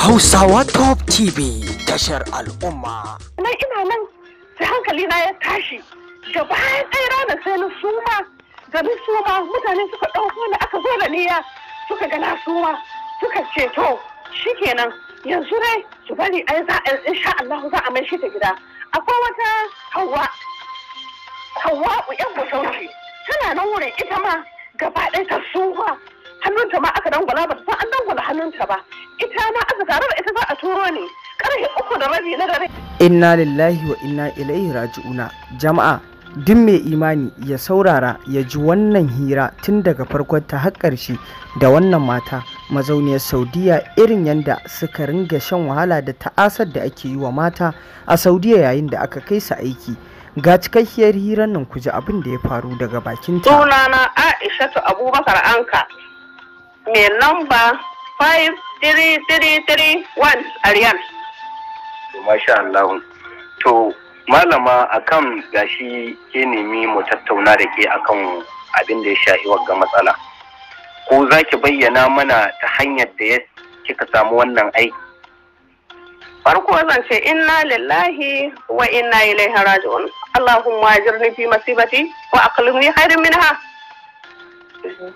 Hausawa Top TV tashar al'umma. Na ina nan sai hankali na ya tashi da bayan ɗaya ranar sai na suma gani suma mutane suka ɗauko ni aka zo da niyya suka ga na suma suka ce to shikenan yanzu dai su bari ai za a insha Allah za a mai shi ta gida. Akwai wata hawa Hauwa uyan Bashauci tana nan wurin ita ma gaba ɗaya ta suma hannunta ma aka dangwala ba hannunta ba ita ma aka tare ita za a turo ne karfe uku da rabi na dare inna lillahi wa inna ilaihi raji'una jama'a duk mai imani ya saurara ya ji wannan hira tun daga farkon ta har ƙarshe da wannan mata mazauniyar saudiya irin yadda suka ringa shan wahala da ta'asar da ake yi wa mata a saudiya yayin da aka kai su aiki ga cikakkiyar hirar nan ku abin da ya faru daga bakin ta sunana aishatu abubakar anka mai lamba five three three three one Masha Allah. To malama akan gashi ke nemi mu tattauna da ke akan abin da ya shafi ga matsala. Ko za ki bayyana mana ta hanyar da ya kika samu wannan aiki? Farko zan ce inna lillahi wa inna ilaihi raji'un. Allahumma ajirni fi masibati wa aqlimni khairin minha.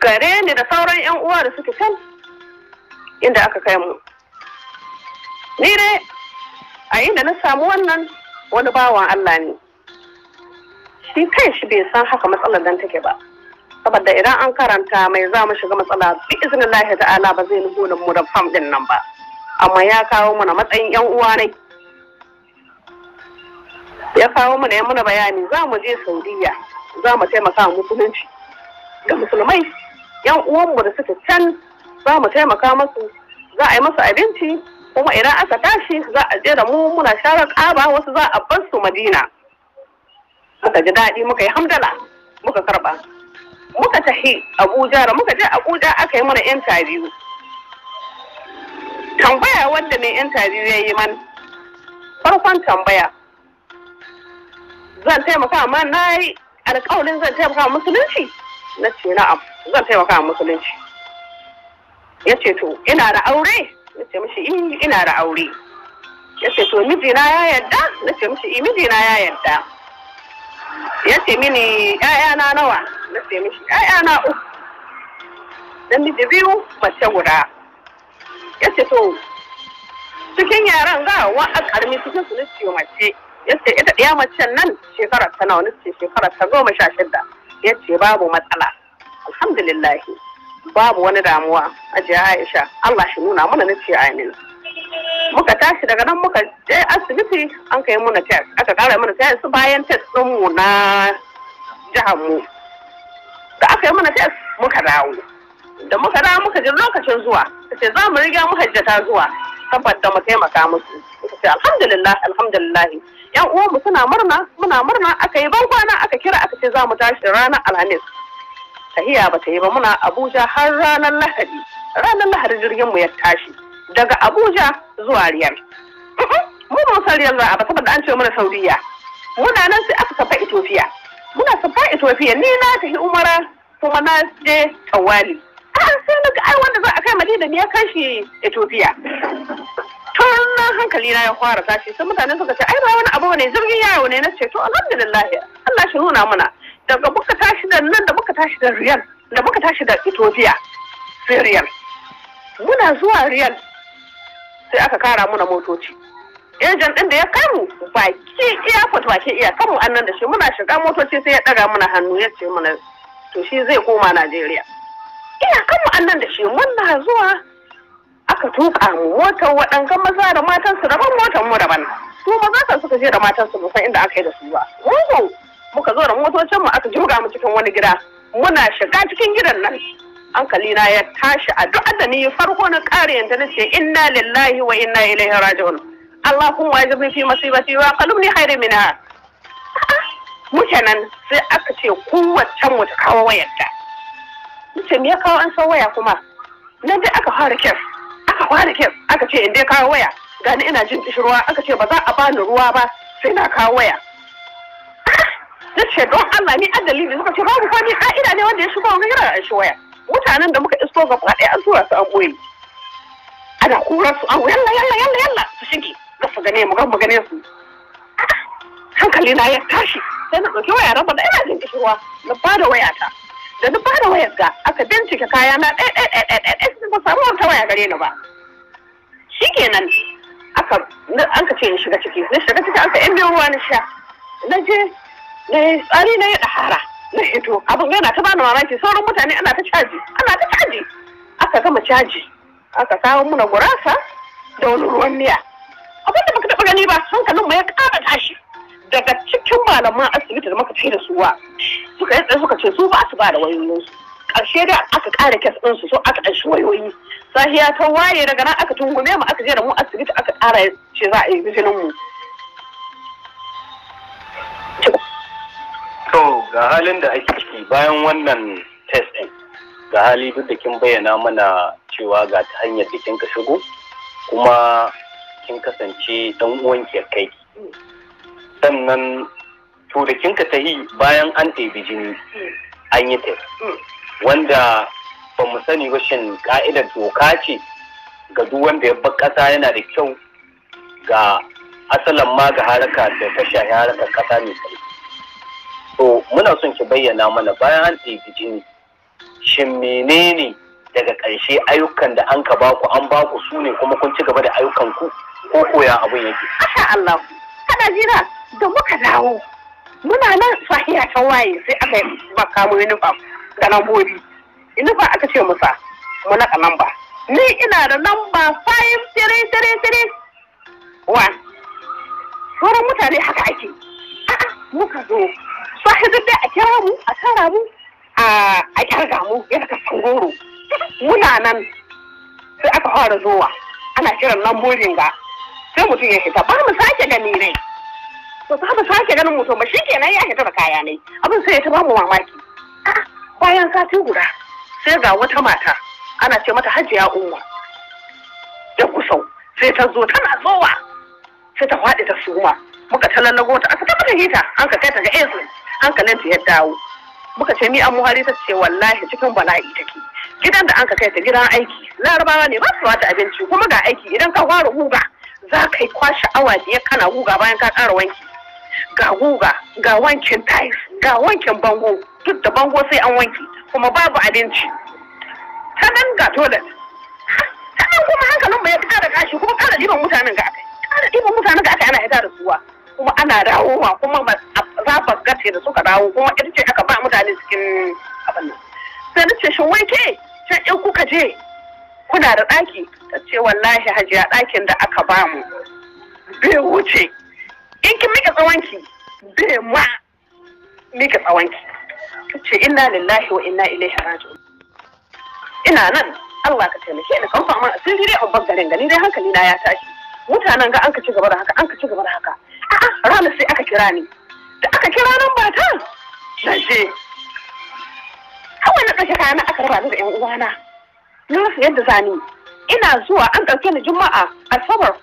Gare ni da sauran 'yan uwa da suke can inda aka kai mu ni dai a inda na samu wannan wani bawan Allah ne shi kai shi bai san haka matsalar dan take ba saboda idan an karanta mai za mu shiga matsala bi izinin lahi ta'ala ba zai nuna mu da fam din nan ba amma ya kawo mana matsayin yan uwa ne ya kawo mana yan muna bayani za mu je saudiya za mu taimaka musulunci ga musulmai yan uwanmu da suke can za mu taimaka masu za a yi masu abinci kuma idan aka tashi za a je da mu muna sharar ƙaba wasu za a bar su madina muka ji daɗi muka yi hamdala muka karɓa muka tahi abuja da muka je abuja aka yi mana interview tambaya wanda mai interview ya yi man farkon tambaya zan taimaka ma na yi alƙawarin zan taimaka musulunci na ce na'am zan taimaka musulunci ya ce to ina da aure ya ce mishi in eh, ina da aure ya ce to mijina ya yarda na ce mishi i eh, mijina ya yadda ya ce mini ƴaƴana nawa na ce mishi na uku miji biyu mace guda ya ce to cikin yaran ga wa a karmi cikin su nace mace ya ce ita ɗaya macen nan shekarar ta nawa nace shekarar ta goma sha shida ya ce babu matsala alhamdulillahi babu wani damuwa ajiya aisha allah shi nuna mana na ce amin muka tashi daga nan muka je asibiti an kai muna test aka kara mana test su bayan test mu na jihar mu da aka yi muna test muka dawo da muka dawo muka ji lokacin zuwa ce za mu riga mu hajjata zuwa tabbata mu taimaka musu ce alhamdulillah alhamdulillah yan mu suna murna muna murna aka yi bankwana aka kira aka ce za mu tashi ranar alhamis Sahiya ba ta yi ba muna abuja har ranar lahadi ranar lahadi jirgin mu ya tashi daga abuja zuwa riyal mu mun san riyal za a ba saboda an ce mana saudiya muna nan sai aka saba ethiopia muna saba ethiopia ni na tafi umara kuma na je tawali har sai na ga ai wanda za a kai madina ne ya kai shi ethiopia tun hankali na ya fara tashi sai mutane suka ce ai ba wani abu ne jirgin yawo ne na ce to alhamdulillah Allah shi nuna mana daga muka tashi da nan da muka tashi da riyal da muka tashi da ethiopia sai riyal muna zuwa riyal sai aka kara muna motoci ejan din da ya kamu baki airport baki iya kamu annan da shi muna shiga motoci sai ya daga muna hannu ya ce muna to shi zai koma najeriya iya kamu annan da shi muna zuwa aka tuka mu motar waɗanga maza da matansu daban motar mu daban su maza suka je da matansu ba san inda aka yi da su ba muka zo da motocin mu aka juga mu cikin wani gida muna shiga cikin gidan nan na ya tashi a duk da ni farko na kare yanta na ce inna lillahi wa inna ilaihi raji'un Allah kun wajibi fi masibati wa qalumni khairu minha muke nan sai aka ce kowace mu ta kawo wayarta muke me ya kawo an san waya kuma nan dai aka fara kes aka fara kes aka ce in dai kawo waya gani ina jin kishirwa aka ce ba za a bani ruwa ba sai na kawo waya na ce don Allah ni adali ne suka ce babu kwani ni ka'ida ne wanda ya shigo wani yana an shi waya mutanen da muka iso gaba ɗaya an tura su an boye ana kura su an yalla yalla yalla yalla su shige za su gane mu ga mu gane su ah, hankali na ya tashi sai na ɗauki waya raba da ina jin kishirwa na bada wayata da na bada wayar ga aka bincika kaya na ɗaya ɗaya ɗaya ɗaya ɗaya ba samu wata waya gare ni ba shikenan aka an ka ce in shiga ciki na shiga ciki aka yan biyan ruwa na sha na je na eh, yi tsari na yaɗa hara na hito abin yana ta bani mamaki sauran mutane ana ta caji ana ta caji aka gama caji aka kawo muna gurasa da wani ruwan miya abinda baka taɓa gani ba hankalin mu ya ƙara tashi daga cikin malaman asibiti da muka tafi da suwa suka yi suka ce su ba su ba da wayoyinsu ƙarshe da aka ƙara kes ɗinsu so aka ɗanshi wayoyi safiya ta waye daga nan aka tungume mu aka je da mu asibiti aka ƙara ce za a yi bijinin mu ga halin da ake ciki bayan wannan test ɗin ga hali duk da kin bayyana mana cewa ga ta hanyar da kin ka shigo kuma kin kasance dan uwan kai sannan to da kin ka tahi bayan an ɗebi jini an yi test wanda ba mu sani ba shin ka'idar doka ce ga duk wanda ya bar ƙasa yana da kyau ga asalin ma ga haraka da ta shafi harakar ƙasa ne sai so muna son ki bayyana mana bayan an ɗebi jini shin menene daga ƙarshe ayyukan da an ka baku an baku su ne kuma kun ci gaba da ayyukan ku ko koya abin yake masha Allah kada jira da muka dawo muna nan sahiya ta waye sai aka baka mu ga da lambobi uniform aka ce musa mu naka lamba ni ina da lamba wa sauran mutane haka ake a'a muka zo ba ka dai a kira mu a tara mu a kyarga mu ya ka san goro muna nan sai aka fara zuwa ana kiran lambobin ga sai mutum ya fita ba mu sake gani ne to ba mu sake ganin mutum ba shikenan ya fita da kaya ne abin sai ya ta bamu mamaki bayan sati guda sai ga wata mata ana ce mata hajiya umma da kusau sai ta zo tana zowa sai ta faɗi ta suma muka talallago ta aka tabbata hita an ka kai ta ga esu hankalin ta ya dawo muka ce mi an muhari ta ce wallahi cikin bala'i take gidan da an ka kai ta gidan aiki larabawa ne ba su wata abinci kuma ga aiki idan ka fara guga za ka yi kwashe awa biyar kana guga bayan ka ƙara wanki ga guga ga wankin tais ga wankin bango duk da bango sai an wanki kuma babu abinci ta nan ga toilet ta nan kuma hankalin mu ya da kashi kuma ƙara ɗiban mutanen ga aka ƙara ɗiban mutanen ga aka ana hita da suwa kuma ana dawowa kuma ta fasgace da suka dawo kuma ita ce aka ba mutane cikin abin nan sai na ce shin wai ke can in kuka je kuna da ɗaki ta ce wallahi hajiya ɗakin da aka ba mu bai wuce in kin miƙa tsawonki bai ma miƙa tsawonki ta ce inna lillahi wa inna ilaihi raji'un ina nan Allah ka taimake ni kamfa amma sun dai babban garin gani dai hankali na ya tashi mutanen ga an ka ci gaba da haka an ka ci gaba da haka a'a ranar sai aka kira ni da aka kira nan ba ta na je kawai na ɗauki kayana aka raba ni da ƴan uwana na rasa yadda zani ina zuwa an ɗauke ni juma'a asabar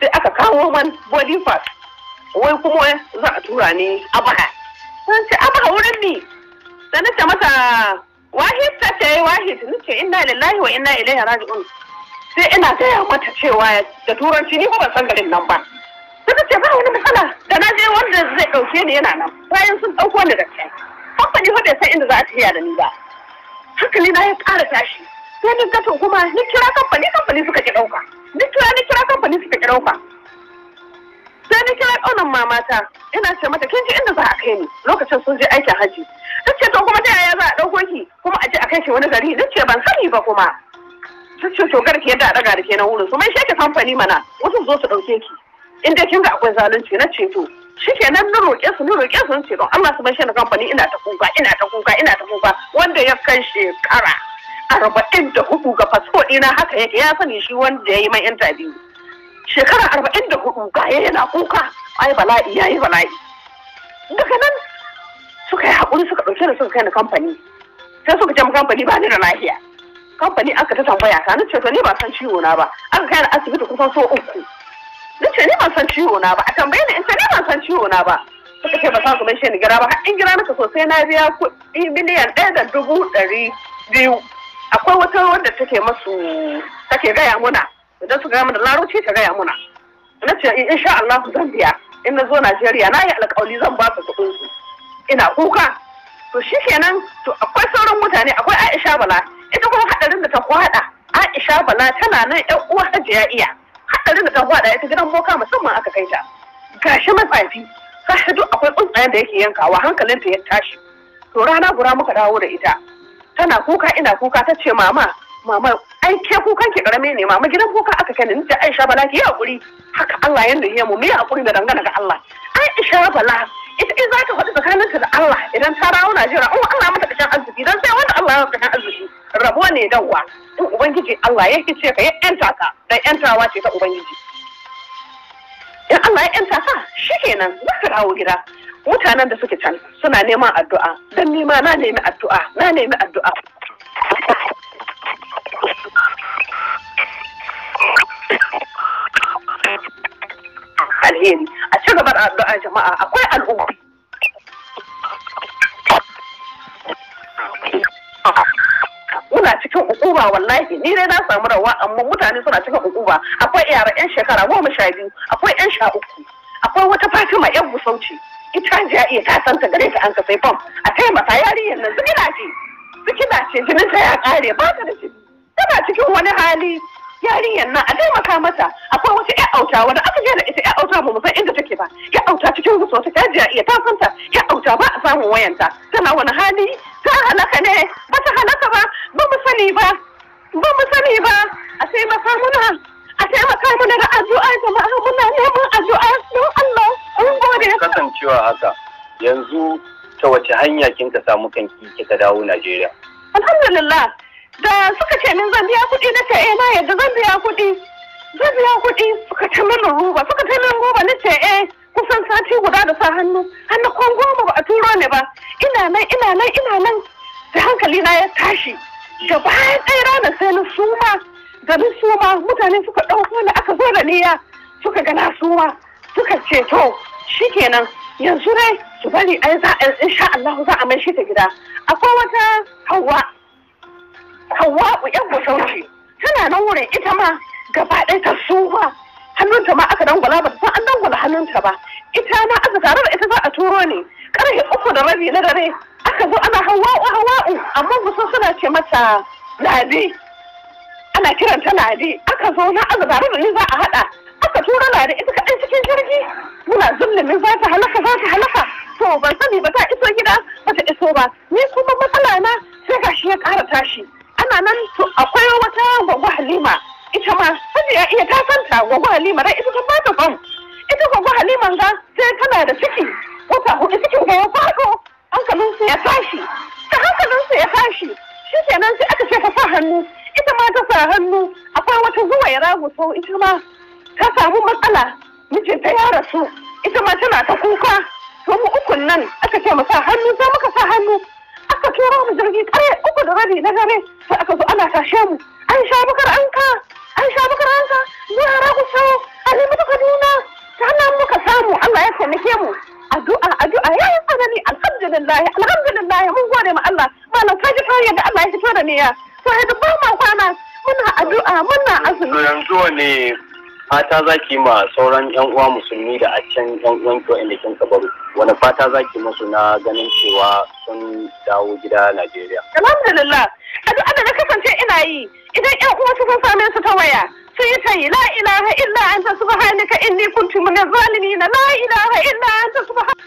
sai aka kawo man body part wai kuma za a tura ni abaha sun ce abaha wurin ni da na ce masa wahid ta ce wahid ni ce inna lillahi wa inna ilaihi raji'un sai ina gaya mata cewa da turanci ni ba ban san garin nan ba suka ce ba wani matsala da na je wanda zai ɗauke ni yana nan bayan sun ɗauko ni da can kamfani fa hoda sai inda za a tafiya da ni ba hankali na ya kara tashi sai ni gato kuma ni kira kamfani kamfani suka ki ɗauka ni kira ni kira kamfani suka ki ɗauka sai ni kira ƙaunar mamata ina ce mata kin ji inda za a kai ni lokacin sun je aikin hajji duk ce to kuma ta yaya za a ɗauko ki kuma a je a kai shi wani gari duk ce ban sani ba kuma Duk ce to garki yadda a ɗaga da ke na wurin su mai sheke kamfani mana wasu zo su ɗauke ki in dai kin ga akwai zalunci na ce to shikenan na roƙe su na roƙe su ce don Allah su bashi na kamfani ina ta kuka ina ta kuka ina ta kuka wanda ya kai shekara arba'in da hudu ga fasfo ɗina haka yake ya sani shi wanda ya yi mai intabiyu shekara arba'in da hudu ga ya yana kuka ai bala'i ya yi bala'i daga nan suka yi haƙuri suka ɗauke da suka kai na kamfani sai suka ce kamfani ba ni da lafiya kamfani aka ta tambaya ka ni ce to ni ba san ciwo na ba aka kai na asibiti kusan so uku na ce ni ban san ciwo na ba a tambaye ni in ce ni ban san ciwo na ba suka ce ba za su maishe ni gira ba har in gira maka sosai na biya kuɗi miliyan ɗaya da dubu ɗari biyu akwai wata wanda take masu take gaya muna idan su gaya mana larauci ta gaya muna na ce in sha Allah zan biya in na zo Najeriya na yi alƙawari zan ba su kuɗin su ina kuka to shi kenan to akwai sauran mutane akwai Aisha Bala ita kuma haɗarin da ta kwaɗa Aisha Bala tana nan ƴan uwa Hajiya iya hadarin da ta hwada ya ta gidan boka musamman aka kai ta gashi matsafi shi duk akwai tsuntsayen da yake yankawa ta ya tashi to rana gura muka dawo da ita tana kuka ina kuka ta ce mama mama ai ke kukan ki karame ne mama gidan kuka aka kai ni Nita Aisha Bala ki yi hakuri haka Allah yanda ya mu me hakuri da dangana ga Allah Aisha Bala ita in zaka faɗi tsakaninka da Allah idan ta rawo Najeriya in Allah mata kashin arziki Idan sai wanda Allah ya kashin arziki rabo ne dawa in ubangiji Allah ya kice ka ya yanta ka dan yantawa ce ta ubangiji in Allah ya yanta ka kenan za ka rawo gida mutanen da suke can suna neman addu'a dan nima na nemi addu'a na nemi addu'a alheri a ci gaba da addu'a jama'a akwai al'ummi muna cikin ukuba wallahi ni dai na samu rawa amma mutane suna cikin ukuba akwai yara yan shekara goma sha biyu akwai yan sha uku akwai wata fatima yan busauci ita jiya iya ta santa gare ta an kasai fam a taimaka yarinyar nan su gida ce su ce jinin ta ya kare ba ta da shi. tana cikin wani hali yarinyar nan a taimaka mata akwai wata ya auta wanda aka je da ita ya auta mu san inda take ba ya auta cikin wata ta jiya iya ta santa auta ba a samun wayanta tana wani hali ta halaka ne ba ta halaka ba ba mu sani ba ba mu sani ba a taimaka muna a taimaka muna da addu'a jama'a muna neman addu'a don Allah mun gode kasancewa haka yanzu ta wace hanya kin ka samu kanki kika dawo Najeriya alhamdulillah da suka ce min zan biya biyan kuɗi suka ci min roba suka ci min roba na ce eh kusan sati guda da sa hannu hannu kwan goma ba a turo ne ba ina nan ina nan ina nan da hankali na ya tashi da bayan ɗaya ranar sai na suma gani suma mutane suka ɗauko ni aka zo da niyya suka gana suma suka ce to kenan yanzu dai su bari ai za a insha Allah za a mai shi ta gida akwai wata hawa hawa ku yan tana nan wurin ita ma gaba ɗaya ta suma hannunta ma aka dangwala ba san an dangwala hannunta ba ita na aka tare da ita za a turo ne karfe uku da rabi na dare aka zo ana hawa'u hawa'u amma kusan suna ce mata lade ana kiranta lade aka zo na aka tare da ni za a haɗa aka tura lade ita kaɗan cikin jirgi muna zullumin za ta halaka za ta halaka to ban sani ba ta iso gida ba ta iso ba ni kuma matsala na sai gashi ya ƙara tashi ana nan to akwai wata gwagwa halima ita ma ya iya ta santa gwagwa halima rai ita ta bata fam ita gwagwa Halima ga sai tana da ciki wata hudu cikin ga ya faɗo hankalinsu ya tashi Ta hankalinsu ya tashi shi kenan sai aka ce ka sa hannu ita ma ta sa hannu akwai wata zuwa ya ragu sau ita ma ta samu matsala ta ya rasu ita ma tana ta kuka to mu ukun nan aka ce mu sa hannu sai muka sa hannu aka turo mu jirgi kare uku da rabi na gare sai aka zo ana tashe mu an sha bakar an ka an sha baka ransa zuwa ragu sau alimutu kaduna ta muka samu Allah ya taimake mu addu'a addu'a ya yi tsanani alhamdulillah alhamdulillah mun gode ma Allah malam ka ji fariya da Allah ya fito da niyya to yanzu ba ma kwana muna addu'a muna azumi yanzu ne fata zaki ki ma sauran yan uwa musulmi da a can yan uwan ki wa'anda kin kabaru wani fata zaki ki musu na ganin cewa sun dawo gida Najeriya alhamdulillah addu'a da na kasance ina yi idan ƴan uwa sun same su ta waya sun yi yi la ilaha illa anta subhanaka inni kuntu minaz zalimin la ilaha illa anta subhanaka